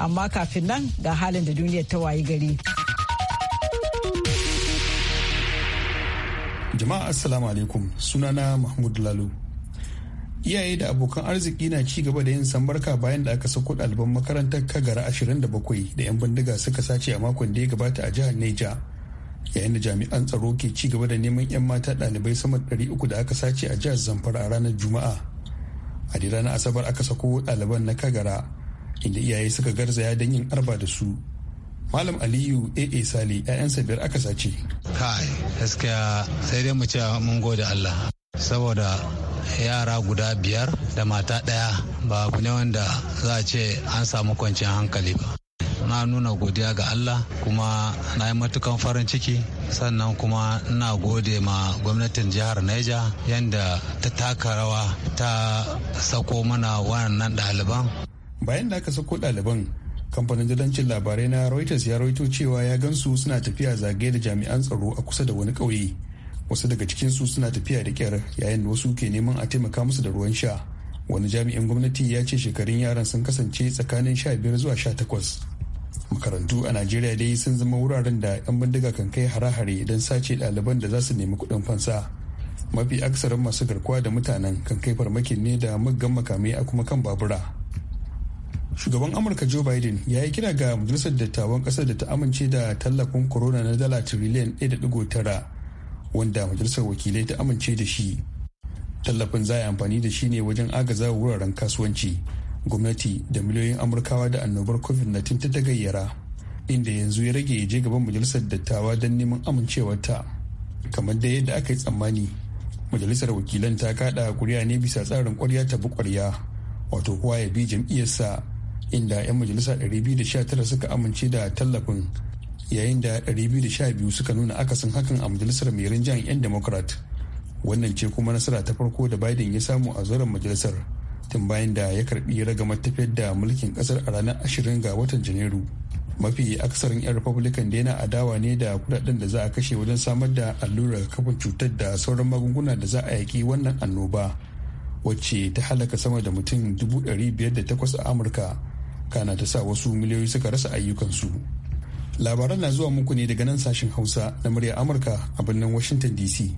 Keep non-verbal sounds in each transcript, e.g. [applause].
amma kafin nan ga halin da duniyar ta wayi gari. Jama'a Assalamu alaikum sunana Mahmud Lalo. Iyaye da abokan arziki na ci gaba da yin sambarka bayan da aka sako ɗaliban makarantar kagara 27 da 'yan bindiga suka sace a makon da ya gabata a jihar Neja. Yayin da jami'an tsaro ke ci gaba da neman 'yan mata ɗalibai sama 300 da aka sace a jihar Zamfara a ranar Juma'a. A ranar Asabar aka sako ɗaliban na kagara inda iyaye suka garzaya don yin arba da su malam aliyu aa sale 'ya'yansa biyar aka sace kai gaskiya sai dai mu ce mun gode allah saboda yara guda biyar da mata ɗaya ba abu ne wanda za a ce an samu kwanciyar hankali ba na nuna godiya ga Allah kuma na yi matukan farin ciki sannan kuma na gode ma gwamnatin jihar Naija yadda ta taka rawa ta sako mana wannan ɗaliban bayan da aka sako ɗaliban kamfanin dalancin labarai na reuters ya rawaito cewa ya gansu suna tafiya zagaye da jami'an tsaro a kusa da wani ƙauye wasu daga cikin su suna tafiya da kyar yayin da wasu ke neman a taimaka musu da ruwan sha wani jami'in gwamnati ya ce shekarun yaran sun kasance tsakanin sha biyar zuwa sha takwas makarantu a najeriya dai sun zama wuraren da 'yan bindiga kan kai hare-hare don sace ɗaliban da za su nemi kuɗin fansa mafi aksarin masu garkuwa da mutanen kan kai farmakin ne da muggan makamai a kuma kan babura shugaban amurka joe biden ya yi kira ga majalisar dattawan kasar da ta amince da tallafin corona na dala tiriliyan 1.9 wanda majalisar wakilai ta amince da shi tallafin za a amfani da shi ne wajen agaza wuraren kasuwanci gwamnati da miliyoyin amurkawa da annobar covid-19 ta tagayyara inda yanzu ya rage je gaban majalisar dattawa don neman amincewarta kamar da yadda aka yi tsammani majalisar wakilan ta kada kuri'a ne bisa tsarin kwarya ta bi kwarya wato kowa ya bi jam'iyyarsa inda 'yan majalisa 219 suka amince da tallafin yayin da 212 suka nuna akasin hakan a majalisar mai rinjayen 'yan democrat wannan ce kuma nasara ta farko da biden ya samu a zoren majalisar tun bayan da ya karbi ragamar tafiyar da mulkin kasar a ranar 20 ga watan janairu mafi akasarin 'yan republican da yana adawa ne da kudaden da za a kashe wajen samar da allurar kafin cutar da sauran magunguna da za a yaki wannan annoba wacce ta halaka sama da mutum 508 a amurka kana ta sa wasu miliyoyi suka rasa ayyukansu labaran na zuwa muku ne daga nan sashen hausa na murya amurka a birnin washington dc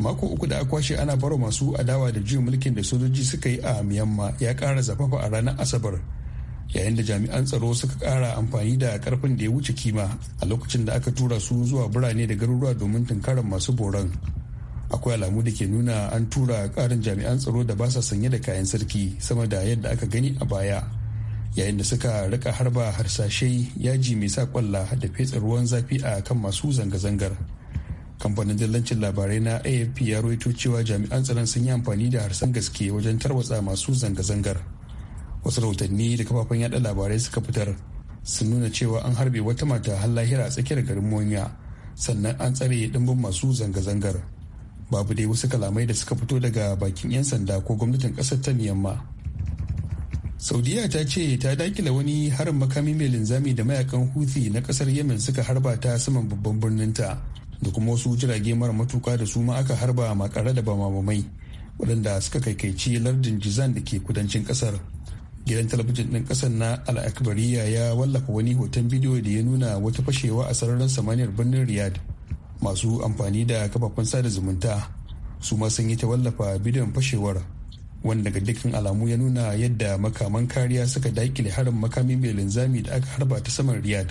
mako uku da akwashe ana baro masu adawa da juyin mulkin da sojoji suka yi a miyamma ya kara zafafa a ranar asabar yayin da jami'an tsaro suka kara amfani da karfin da ya wuce kima a lokacin da aka tura su zuwa birane da garuruwa domin tunkarar masu boran akwai alamu da ke nuna an tura karin jami'an tsaro da ba sa sanye da kayan sarki sama da yadda aka gani a baya yayin da suka rika harba harsashe yaji mai sa kwalla da fetsa ruwan zafi a kan masu zanga-zangar kamfanin dillancin labarai na afp ya ruwaito cewa jami'an tsaron sun yi amfani da harsan gaske wajen tarwatsa masu zanga-zangar wasu rahotanni da kafafen yada labarai suka fitar sun nuna cewa an harbe wata mata har lahira a tsakiyar garin monya sannan an tsare dimbin masu zanga-zangar babu dai wasu kalamai da suka fito daga bakin 'yan sanda ko gwamnatin kasar ta miyamma saudiya ta ce ta dakila wani harin makami mai linzami da mayakan huthi na kasar yemen suka harba ta saman babban birninta da kuma wasu jirage mara matuka da su ma aka harba makare da bamamamai waɗanda suka kaikaici lardin jizan da ke kudancin kasar gidan talabijin ɗin ƙasar na al'akbariya ya wallafa wani hoton bidiyo da ya nuna wata fashewa a sararin samaniyar birnin riyad masu amfani da kafafen sada zumunta su ma sun yi ta wallafa bidiyon fashewar wanda ga dukkan alamu ya nuna yadda makaman kariya suka daƙile harin makami mai linzami da aka harba ta saman riyad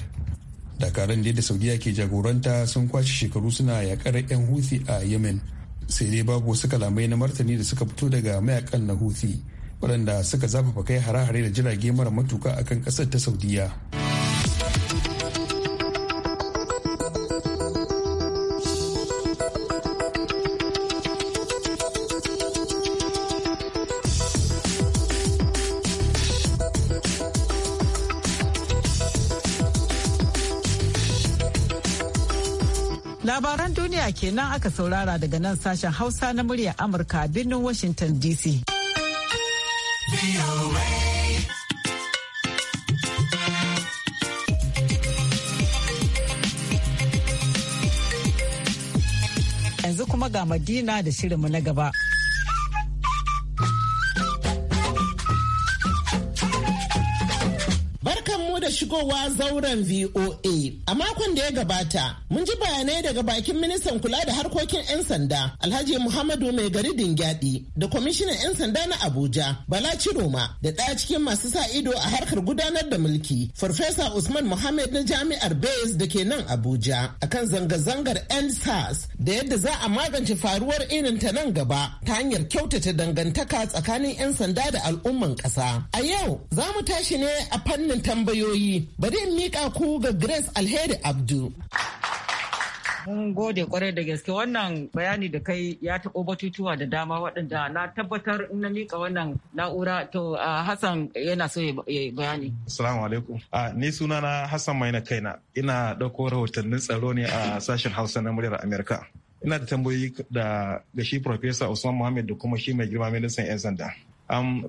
dakaran da da saudiya ke jagoranta sun kwashe shekaru suna yakar 'yan huthi a yemen sai dai babu wasu kalamai na martani da suka fito daga mayakan na huthi waɗanda suka zafafa kai hare-hare da jirage mara matuka akan ƙasar ta saudiya. kenan aka saurara daga nan sashen Hausa na murya Amurka a birnin Washington DC. Yanzu kuma ga Madina da shirinmu na gaba. mu da shigowa zauren VOA. A makon da ya gabata, mun ji bayanai daga bakin ministan kula da harkokin 'yan sanda Alhaji Muhammadu Mai Gari Dingyadi da kwamishinan 'yan sanda na Abuja Bala Ciroma da ɗaya cikin masu sa ido a harkar gudanar da mulki Farfesa Usman Muhammad na Jami'ar Bayes da ke nan Abuja akan zanga-zangar NSAS da yadda za a magance faruwar irin ta nan gaba ta hanyar kyautata dangantaka tsakanin 'yan sanda da al'umman ƙasa. A yau za mu tashi ne a fannin tambayoyi tambayoyi bari in miƙa ku ga Grace Alheri Abdu. Mun gode kwarai da gaske wannan bayani da kai ya taɓo batutuwa da dama waɗanda na tabbatar na miƙa wannan na'ura to Hassan yana so ya bayani. Assalamu alaikum. Ni na Hassan Maina Kaina ina ɗauko rahotannin tsaro ne a sashen Hausa na muryar Amerika. Ina da tambayoyi da ga shi Profesa Usman Muhammad da kuma shi mai girma ministan 'yan sanda.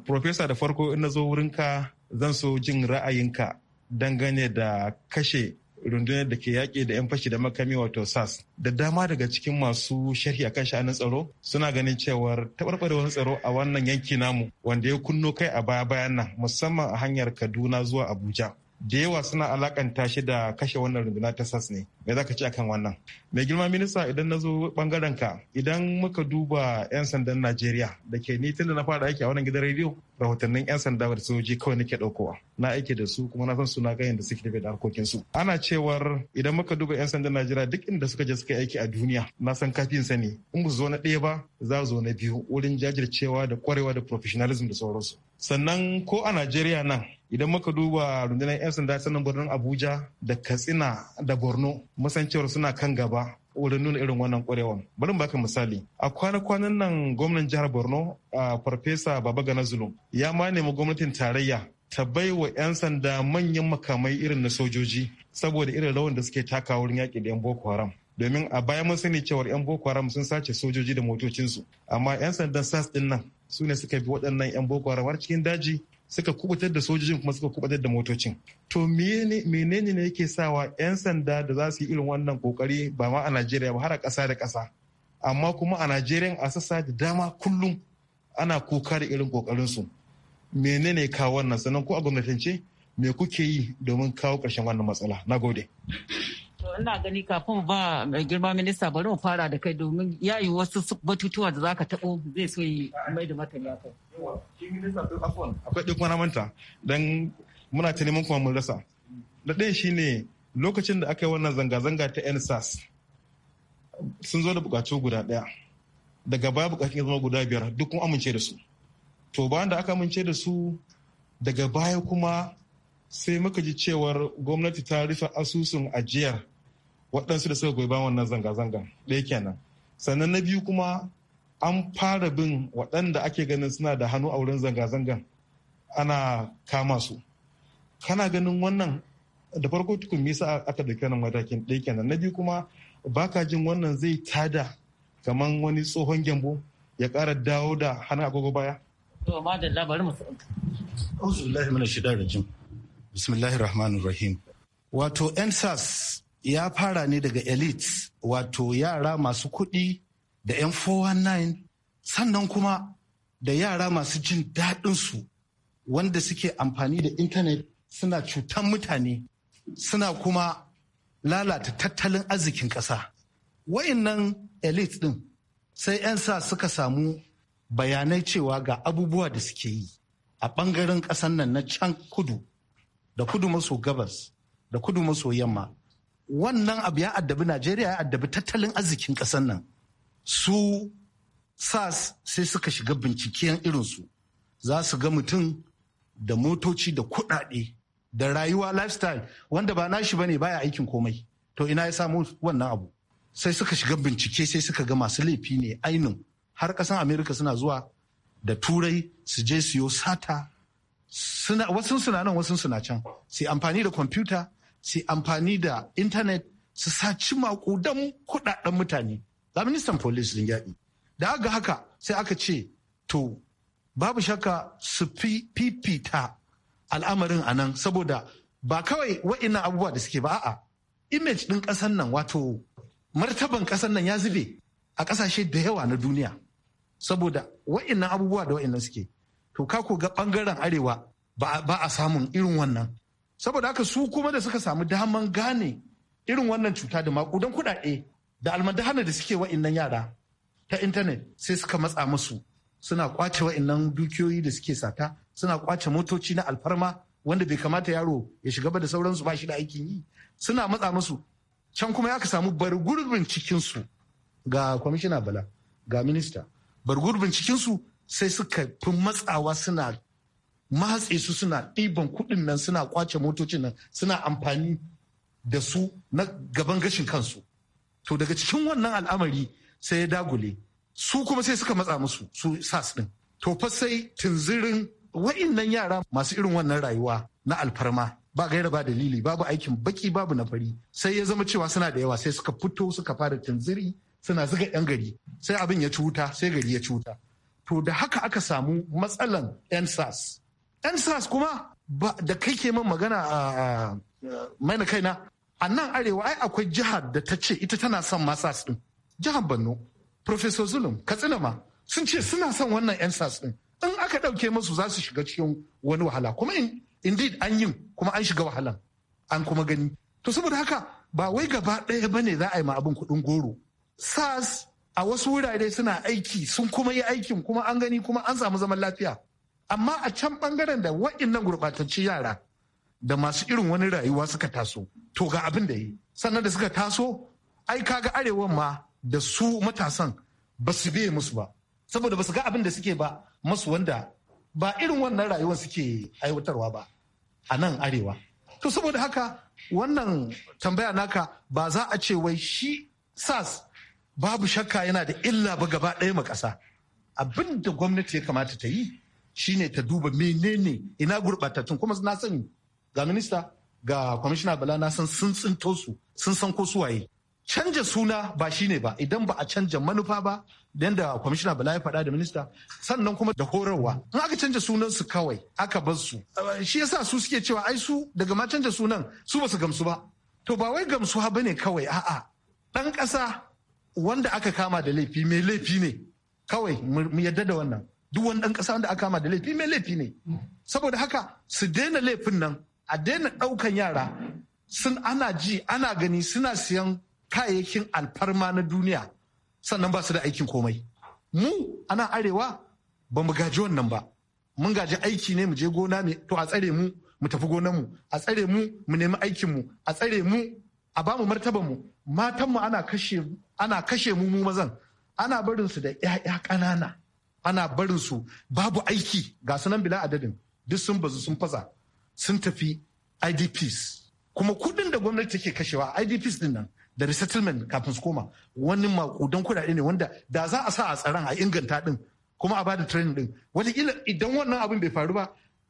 Profesa da farko in na zo wurinka zan so jin ra'ayinka dangane da kashe rundunar da ke yaƙi da 'yan fashi da makami wato sas da dama daga cikin masu sharhi akan sha'anin tsaro suna ganin cewar taɓarɓarewar tsaro a wannan yanki namu wanda ya kunno kai a baya bayan nan musamman a hanyar kaduna zuwa abuja da yawa suna alakanta shi da kashe wannan runduna ta sas ne me za ka ce akan wannan mai girma minista idan na zo bangaren ka idan muka duba 'yan sandan najeriya da ke ni tun da na fara aiki a wannan gidan rediyo rahotannin 'yan sanda da sojoji kawai nake daukowa na aiki da su kuma na san suna na da da suke da harkokin su ana cewar idan muka duba 'yan sandan najeriya duk inda suka je suka aiki a duniya na san kafin sani in ba zo na ɗaya ba za zo na biyu wurin jajircewa da kwarewa da professionalism da sauransu sannan ko a najeriya nan idan muka duba rundunar 'yan sanda sanin birnin abuja da katsina da borno masancewar suna kan gaba wurin nuna irin wannan kwarewan bari baka misali a kwana-kwanan nan gwamnan jihar borno a farfesa baba gana zulum ya ma nemi gwamnatin tarayya ta bai wa 'yan sanda manyan makamai irin na sojoji saboda irin rawan da suke taka wurin yaƙi da 'yan boko haram domin a baya mun sani cewar 'yan boko haram sun sace sojoji da motocinsu amma 'yan sandan sas din nan su ne suka bi waɗannan 'yan boko haram har cikin daji suka kubutar da sojojin kuma suka kubutar da motocin to menene ne yake sawa 'yan sanda da za su yi irin wannan kokari ba ma a najeriya ba har a ƙasa da ƙasa amma kuma a najeriya a sassa da dama kullum ana kuka da irin kokarinsu menene kawo wannan sannan ko a gwamnatance me kuke yi domin kawo ƙarshen wannan matsala na gode ina gani kafin ba mai girma minista bari mu fara da kai domin ya yi wasu batutuwa da zaka taɓo zai so yi mai da martani kai. Akwai ɗin kwana manta don muna ta neman kuma mun rasa. Da ɗaya shi ne lokacin da aka yi wannan zanga-zanga ta NSAS sun zo da buƙatu guda ɗaya. Daga baya buƙatun ya zama guda biyar duk kun amince da su. To bayan da aka amince da su daga baya kuma sai muka ji cewar gwamnati ta rufe asusun ajiyar waɗansu da suka goyi wannan zanga-zangan ɗaya kenan sannan na biyu kuma an fara bin waɗanda ake ganin suna da hannu a wurin zanga-zangan ana kama su kana ganin wannan da farko tukun yasa aka da kanan matakin ɗaya kenan na biyu kuma baka jin wannan zai tada kamar wani tsohon gyambo ya ƙara dawo da hannu agogo baya to amma da labarin musulmi bismillahir rahmanir rahim wato ensas ya fara ne daga elite wato yara masu kuɗi da 'yan 419 sannan kuma da yara masu jin daɗinsu wanda suke amfani da intanet suna cutan mutane suna kuma lalata tattalin arzikin ƙasa. Wa'innan elite ɗin sai 'yan sa suka samu bayanai cewa ga abubuwa da suke yi a ɓangaren ƙasan nan na can kudu da kudu maso gabas da kudu maso yamma wannan abu ya addabi najeriya ya addabi tattalin arzikin ƙasar nan su sas sai suka shiga binciken irinsu za su ga mutum da motoci da kuɗaɗe da rayuwa lifestyle wanda ba nashi bane baya aikin komai to ina ya samu wannan abu sai suka shiga bincike sai suka ga masu laifi ne ainin har kasan amerika suna zuwa da turai su je siyo sata wasu suna nan wasu suna can sai amfani da kwamfuta su amfani da intanet su saci makudan kudaden mutane da ministan polis din yaɗi da haka haka sai aka ce to babu shaka su fifita al'amarin a nan saboda ba kawai wa'ina abubuwa da suke ba a'a image din ƙasan nan wato martaban ƙasan nan ya zube a ƙasashe da yawa na duniya saboda wa'innan abubuwa da wa'innan suke to ka ga ɓangaren arewa ba a samun irin wannan saboda haka su kuma da suka samu daman gane irin wannan cuta da makudan kuɗaɗe da almandahana da suke wa'innan yara ta intanet sai suka matsa musu suna kwace wa'innan dukiyoyi da suke sata suna kwace motoci na alfarma wanda bai kamata yaro ya shiga ba da sauransu ba shi da aikin yi suna matsa musu can kuma ya ka samu bargurbin cikinsu ga kwamishina bala ga minista bargurbin cikinsu sai suka fi matsawa suna mahatse su suna ɗiban kuɗin nan suna kwace motocin nan suna amfani da su na gaban gashin kansu to daga cikin wannan al'amari sai ya dagule su kuma sai suka matsa musu su sas din to fa sai tunzirin wa'innan yara masu irin wannan rayuwa na alfarma ba gaira ba dalili babu aikin baki babu na fari sai ya zama cewa suna da yawa sai suka fito suka fara tunziri suna zuga yan gari sai abin ya ci wuta sai gari ya ci wuta to da haka aka samu matsalan yan sas yan sas kuma da kai ke man magana a maina kaina a nan arewa ai akwai jihar da ta ce ita tana son masas din jihar banno professor zulum katsina ma sun ce suna son wannan 'yan sas din in aka ɗauke masu za su shiga cikin wani wahala kuma indeed an yi. kuma an shiga wahalan an kuma gani to saboda haka ba wai gaba ɗaya ba ne za a yi ma abin kuɗin goro sas a wasu wurare suna aiki sun kuma yi aikin kuma an gani kuma an samu zaman lafiya amma a can bangaren da wa'innan gurɓatacci yara da masu irin wani rayuwa suka taso to ga abin da yi sannan da suka taso ai kaga arewa ma da su matasan ba su biye musu ba saboda ba su ga abin da suke ba masu wanda ba irin wannan rayuwar suke aiwatarwa ba a nan arewa to saboda haka wannan tambaya naka ba za a ce wai shi sas babu shakka yana da illa ba gaba ɗaya ma ƙasa abin da gwamnati ya kamata ta yi shine ta duba menene ina gurɓatattun kuma na sani ga minista ga kwamishina bala na san sun tsinto su sun san ko suwaye canja suna ba shine ba idan ba a canja manufa ba dan da kwamishina bala ya faɗa da minista sannan kuma da horarwa in aka canja sunan su kawai aka bar su shi yasa su suke cewa ai su daga ma canja sunan su basu gamsu ba to ba wai gamsuwa bane kawai a'a dan ƙasa wanda aka kama da laifi mai laifi ne kawai mu yadda da wannan duk wani ɗan ƙasa wanda aka kama da laifi mai laifi ne saboda haka su daina laifin nan a daina ɗaukan yara sun ana ji ana gani suna siyan kayayyakin alfarma na duniya sannan ba su da aikin komai mu ana arewa ba mu gaji wannan ba mun gaji aiki ne mu je gona ne to a tsare mu mu tafi gonan mu a tsare mu mu nemi aikin mu a tsare mu a ba mu martaban mu matan mu ana kashe mu mu mazan ana barin su da ƴaƴa ƙanana ana barin su babu aiki ga sunan bila adadin duk sun bazu sun fasa sun tafi idps kuma kudin da gwamnati take kashewa idps din nan da resettlement kafin su koma wani makudan kudade ne wanda da za a sa a tsaron a inganta din kuma a bada training din wataƙila idan wannan abin bai faru ba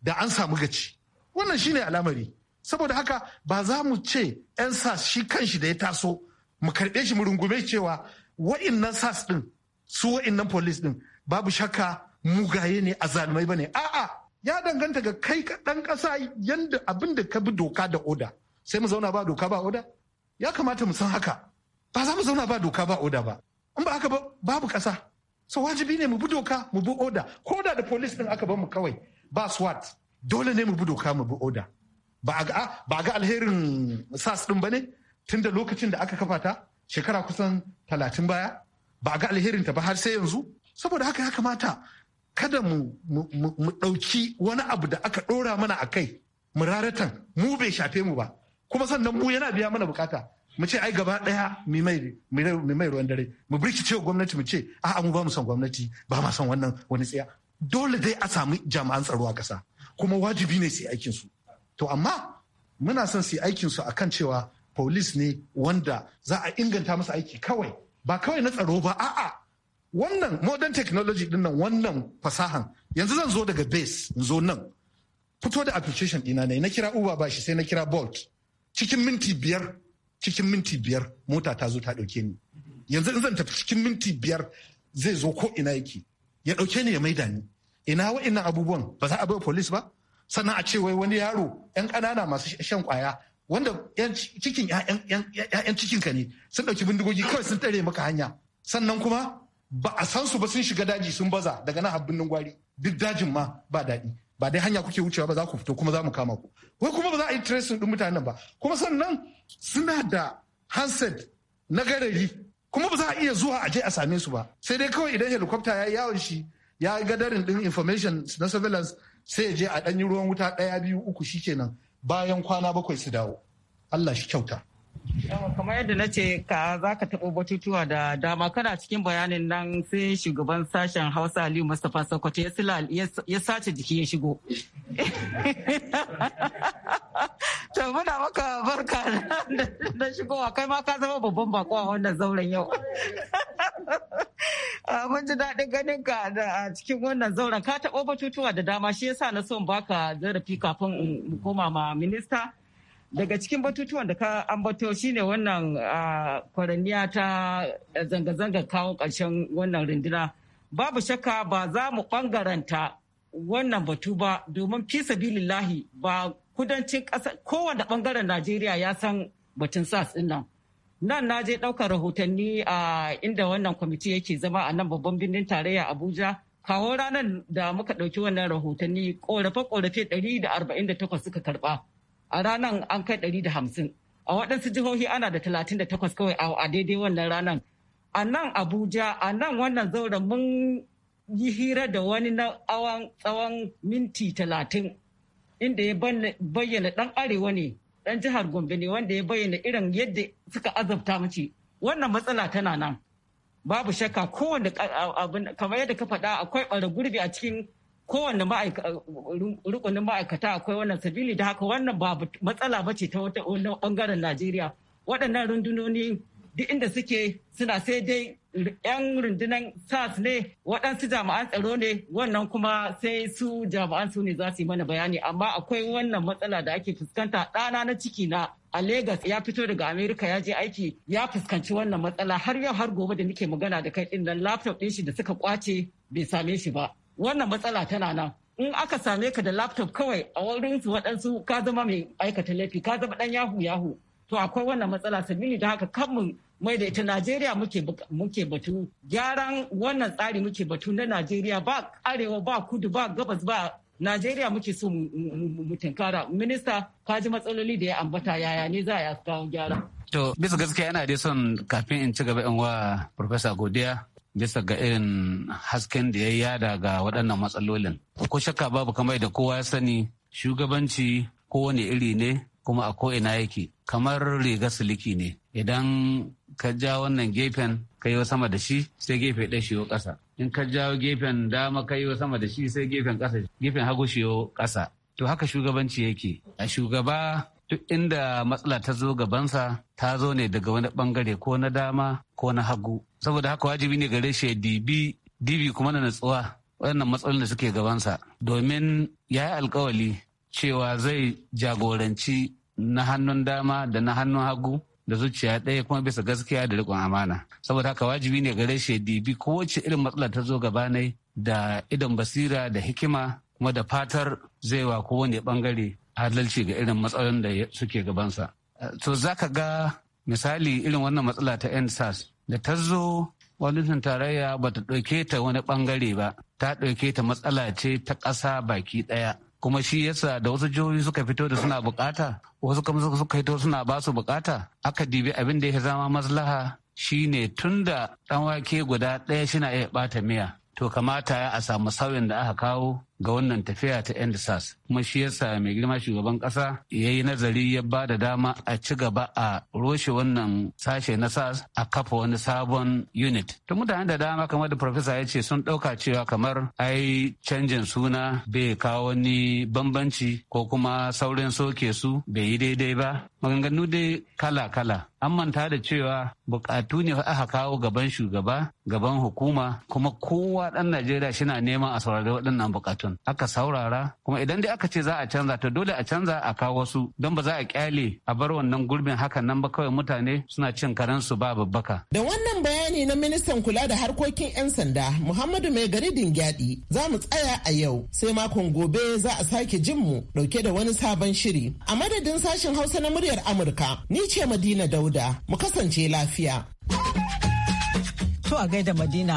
da an samu gaci wannan shine al'amari saboda haka ba za mu ce 'yan sas shi kan shi da ya taso mu karɓe shi mu rungume cewa wa'innan sas din su wa'innan police din babu shakka mugaye ne azalmai bane a'a ya danganta ga kai dan kasa yanda abin da ka bi doka da oda sai mu zauna ba doka ba oda ya kamata mu san haka ba za mu zauna ba doka ba oda ba in ba haka ba babu kasa so wajibi ne mu bi doka mu bi oda ko da da police din aka ba mu kawai ba swat dole ne mu bi doka mu bi oda ba a ga alherin sas din ba ne tun da lokacin da aka kafa ta shekara kusan talatin baya ba ga alherin ta ba har sai yanzu saboda haka ya kamata kada mu ɗauki wani abu da aka ɗora mana a kai mu raratan mu bai shafe mu ba kuma sannan mu yana biya mana bukata mu ce ai gaba ɗaya mu mai ruwan dare mu birkice gwamnati mu ce a'a mu ba mu son gwamnati ba ma son wannan wani tsaya dole dai a samu jami'an tsaro a ƙasa kuma wajibi ne su aikinsu. aikin su to amma muna son su aikin su akan cewa police ne wanda za a inganta masa aiki kawai ba kawai na tsaro ba a'a wannan modern technology din nan wannan fasahan yanzu zan zo daga base in zo nan fito da application dina ne na kira uber ba shi sai na kira bolt cikin minti biyar cikin minti biyar mota ta zo ta dauke ni yanzu in zan tafi cikin minti biyar zai zo ko ina yake ya dauke ni ya maida ni ina wa'annan abubuwan ba za a bai police ba sannan a ce wai wani yaro yan kanana masu shan kwaya wanda cikin 'ya'yan cikinka ne sun ɗauki bindigogi kawai sun tare maka hanya sannan kuma ba a san su ba sun shiga daji sun baza daga nan habbin gwari duk dajin ma ba daɗi ba dai hanya kuke wucewa ba za ku fito kuma za mu kama ku wai kuma ba za a yi tracing din mutanen ba kuma sannan suna da handset na garari kuma ba za a iya zuwa a je a same su ba sai dai kawai idan helicopter ya yi yawon shi ya gadarin din information na surveillance sai ya je a ɗanyi ruwan wuta ɗaya biyu uku shikenan bayan kwana bakwai su dawo Allah shi kyauta kamar yadda na ce ka za ka taɓo batutuwa da dama kana cikin bayanin nan sai shugaban sashen hausa aliyu mustapha sokoto ya sace jiki ya shigo [laughs] to muna maka barka da shigowa kai ma ka zama babban bako a wannan zauren yau [laughs] ah, mun ji daɗin ganin ka a cikin wannan zauren ka taɓo batutuwa da dama shi yasa na son baka zarafi kafin in koma ma minista daga cikin batutuwan da ka ambato shine wannan kwaranniya ta eh, zanga-zanga kawo ƙarshen wannan runduna babu shakka ba za mu ɓangaranta wannan batu ba domin fi bilillahi ba kudancin ƙasa kowane ɓangaren najeriya ya san batun sas tsina nan na je ɗaukar rahotanni a inda wannan kwamiti yake zama a nan babban birnin tarayya abuja kawo ranar da muka ɗauki wannan rahotanni ƙorafe-ƙorafe 148 suka karɓa a ranar an kai ɗari da hamsin a waɗansu jihohi ana da talatin da takwas kawai a daidai wannan ranar a nan abuja a nan wannan zauren mun yi hira da wani na awan tsawon minti talatin inda ya bayyana ɗan arewa ne ɗan jihar gombe ne wanda ya bayyana irin yadda suka azabta mace wannan matsala tana nan babu shakka kowane abin kamar yadda ka faɗa akwai ɓara gurbi a cikin kowanne rukunin ma'aikata akwai wannan sabili da haka wannan ba matsala ba ce ta wata bangaren najeriya waɗannan rundunoni duk inda suke suna sai dai 'yan rundunan sas ne waɗansu jami'an tsaro ne wannan kuma sai su jami'an su ne za su yi mana bayani amma akwai wannan matsala da ake fuskanta ɗana na ciki na a Legas ya fito daga Amerika ya je aiki ya fuskanci wannan matsala har yau har gobe da nake magana da kai ɗin nan laptop ɗin shi da suka kwace bai same shi ba wannan matsala tana nan in aka same ka da laptop kawai a wurin su waɗansu ka zama mai aikata laifi ka zama ɗan yahu yahu to akwai wannan matsala sabili da haka kan mu mai da ita Najeriya muke batu gyaran wannan tsari muke batu na Najeriya ba arewa ba kudu ba gabas ba Najeriya muke so mu tunkara minista ka ji matsaloli da ya ambata yaya ne za a kawo gyara. To bisa gaskiya yana da son kafin in ci gaba in wa Profesa Godiya bisa ga irin hasken da ya yada ga waɗannan matsalolin. Ko shakka babu kamar da kowa ya sani shugabanci kowane iri ne kuma a ko'ina yake kamar riga siliki ne idan ka ja wannan gefen ka yi sama da shi sai gefe ɗaya shi ƙasa in ka ja gefen dama ka yi sama da shi sai gefen ƙasa gefen hagu shi ƙasa to haka shugabanci yake a shugaba duk inda matsala ta zo gabansa ta zo ne daga wani bangare ko na dama ko na hagu saboda haka wajibi ne gare shi dibi dibi kuma na natsuwa waɗannan matsalolin da suke gabansa domin ya yi alkawali cewa zai jagoranci na hannun dama da na hannun hagu da zuciya ɗaya kuma bisa gaskiya da rikon amana saboda haka wajibi ne gare shi dibi kowace irin matsala ta zo gaba da idon basira da hikima kuma da fatar zai wa kowane bangare adalci ga irin matsalolin da suke gabansa. To za ka ga misali irin wannan matsala ta NSAS da ta zo gwamnatin tarayya ba ta ɗauke ta wani ɓangare ba ta ɗauke ta matsala ce ta ƙasa baki ɗaya. kuma shi yasa da wasu jihohi suka fito da suna bukata wasu kuma suka fito suna ba su bukata aka dibi abin da ya zama maslaha Shi ne tun da ɗan wake guda ɗaya shina iya ɓata miya to kamata ya a samu sauyin da aka kawo ga wannan tafiya ta endsars kuma shi yasa mai girma shugaban kasa ya yi nazari ya ba da dama a ci gaba a roshe wannan sashe na sars a kafa wani sabon unit to mutane da dama kamar da profesa ya ce sun ɗauka cewa kamar ai canjin suna bai kawo wani bambanci ko kuma saurin soke su bai yi daidai ba maganganu dai kala-kala an manta da cewa bukatu ne aka kawo gaban shugaba gaban hukuma kuma kowa ɗan najeriya shina neman a saurari waɗannan bukatun nan aka saurara kuma idan dai aka ce za a canza ta dole a canza a kawo wasu don ba za a kyale a bar wannan gurbin hakan nan ba kawai mutane suna cin karensu ba babbaka. Da wannan bayani na ministan kula da harkokin 'yan sanda Muhammadu Mai Garidin Gyadi za mu tsaya a yau sai makon gobe za a sake jin mu dauke da wani sabon shiri. A madadin sashen Hausa na muryar Amurka ni ce Madina Dauda mu kasance lafiya. To a gaida Madina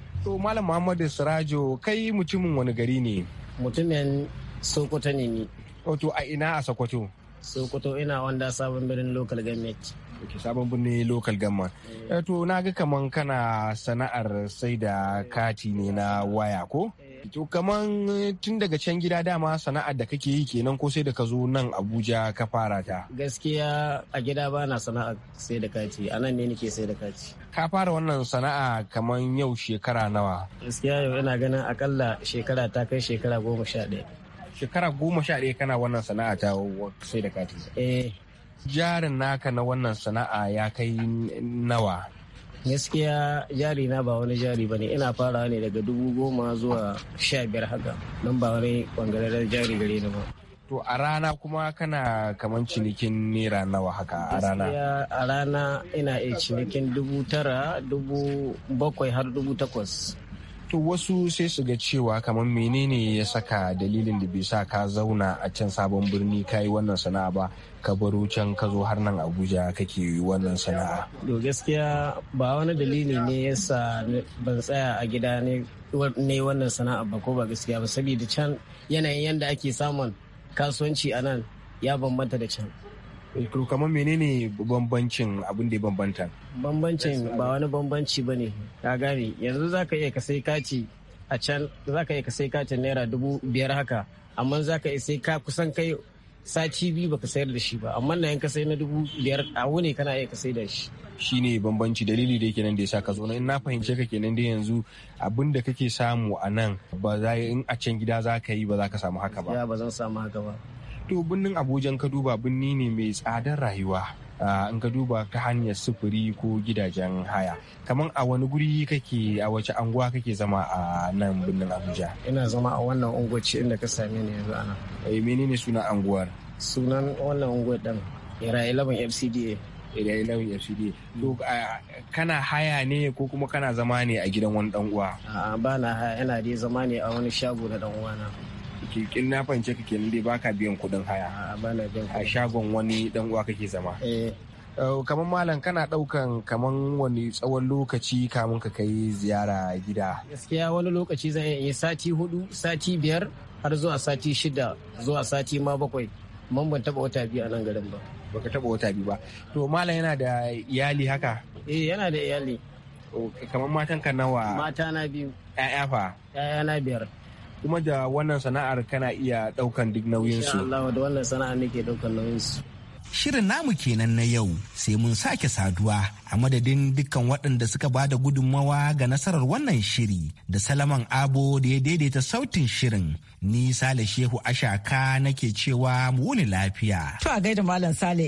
To Malam Muhammadu Sirajo kai mutumin wani gari ne? Mutumin Sokoto ne ni. Wato oh, a ina a Sokoto? Sokoto ina wanda sabon birnin local government. Ok, sabon birnin local government. Eh. Eh, to na ga kaman kana sana'ar sai da kati ne na waya ko? To kaman eh, tun daga can gida dama sana'ar da kake yi kenan ko sai da ka zo nan Abuja ka fara ta. Gaskiya a gida ba na sana'a sai da kati, a nan ne nake sai da kati. Ka fara wannan sana'a kaman yau shekara nawa? Gaskiya yau ina ganin akalla shekara ta kai shekara goma sha ɗaya. Shekara goma sha ɗaya kana wannan sana'a ta sai da kati. Eh. Jarin naka na wannan sana'a ya kai nawa? gaskiya jari na ba wani jari ba ne ina farawa ne daga dubu goma zuwa sha biyar haka nan ba wani bangaren jari gare ni ba to a rana kuma kana kaman cinikin naira nawa haka a rana a rana ina iya cinikin dubu tara dubu bakwai har dubu takwas to wasu sai su ga cewa kamar menene ya saka dalilin da bai sa ka zauna a can sabon birni ka yi wannan sana'a ba ka baro can ka zo har nan abuja kake yi wannan sana'a to gaskiya ba wani dalili ne ya sa ban tsaya a gida ne wannan sana'a ba ko ba gaskiya ba saboda can yanayin yadda ake samun kasuwanci a nan ya bambanta da can Eh, to kamar menene bambancin abin da ya bambanta bambancin ba wani bambanci ba ne ka gane yanzu za ka iya ka sai kaci a kacin naira dubu biyar haka amma za ka iya sai ka kusan kai sati biyu baka sayar da shi ba amma na yanka sai na dubu biyar a wuni kana iya ka sai da shi shine bambanci dalili da yake nan da ya sa ka zo in na fahimce ka kenan da yanzu abin da kake samu a nan ba za in a can gida za ka yi ba za ka samu haka ba ba zan samu haka ba to birnin abuja ka duba birni ne mai tsadar rayuwa in ka duba ta hanyar sufuri ko gidajen haya kamar a wani guri kake a wace anguwa kake zama a nan birnin abuja ina zama a wannan unguwaci inda ka same ni yanzu ana eh menene sunan anguwar sunan wannan unguwar din ira 11 fcda ira 11 fcda to kana haya ne ko kuma kana zama ne a gidan wani dan uwa a'a ba na haya ina dai zama ne a wani shago na dan uwa na kikin na fahimce ka kenan dai baka biyan kuɗin haya a shagon wani dan uwa kake zama eh, eh, kamar malam kana ɗaukan kamar wani tsawon lokaci kamun ka kai ziyara gida gaskiya wani lokaci zan iya sati hudu sati biyar har zuwa sati shida zuwa sati ma bakwai man ban taba wata biyu a nan garin ba baka taba wata biyu ba to malam yana da iyali haka eh yana da iyali kamar matan ka nawa mata na biyu ƴaƴa fa ƴaƴa na biyar kuma da wannan sana'ar kana iya ɗaukan duk nauyinsu. Allah da wannan sana'ar nake ɗaukan nauyinsu. Shirin namu kenan na yau sai mun sake saduwa a madadin dukkan waɗanda suka ba da gudunmawa ga nasarar wannan shiri da Salaman Abo da ya daidaita sautin shirin. Ni Sale Shehu Ashaka nake cewa mu wuni lafiya. To a gaida Malam Sale.